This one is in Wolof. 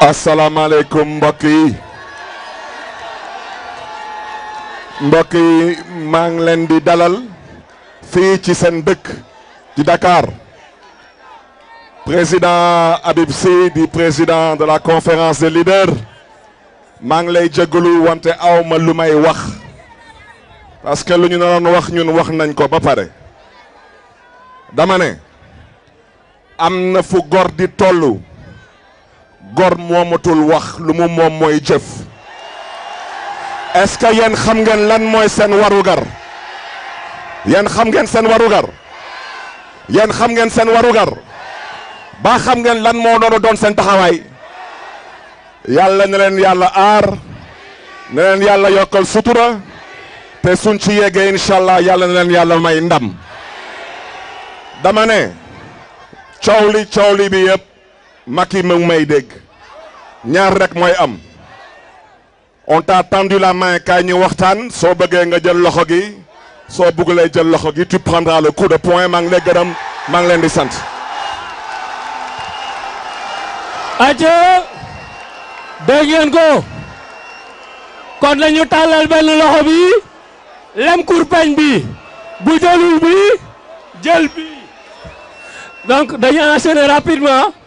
asalaamaaleykum mbokk yi mbokk yi maa ngi leen di dalal fii ci seen dëkk di Dakar président Habib Sy di président de la conférence des leaders maa ngi lay jégalu wante aw ma lu may wax parce que lu ñu naroon wax ñun wax nañ ko ba pare dama ne am na fu gor di tollu gor moomatul wax lu mu moom mooy jëf est-ce xam ngeen lan mooy seen warugar yéen xam ngeen seen warugar yéen xam ngeen seen warugar baa xam ngeen lan moo doon doon seen taxawaay yàlla na leen yàlla aar na leen yàlla yokkal sutura te suñ ci yeggee incha allah yàlla na leen yàlla may ndam dama ne coow li coow li bi yëpp Macky mu may dégg ñaar rekk mooy am on t'a tendu la main kaay ñi waxtaan soo bëggee nga jël loxo gi soo bëggulee jël loxo gi tu prendras le de poing maa ngi lay gërëm maa ngi leen di sant. ajo dégg ngeen ko kon nañu tàllal benn loxo bi lem pañ bi bu jëlul bi jël bi donc dañuy enchaîner rapidement.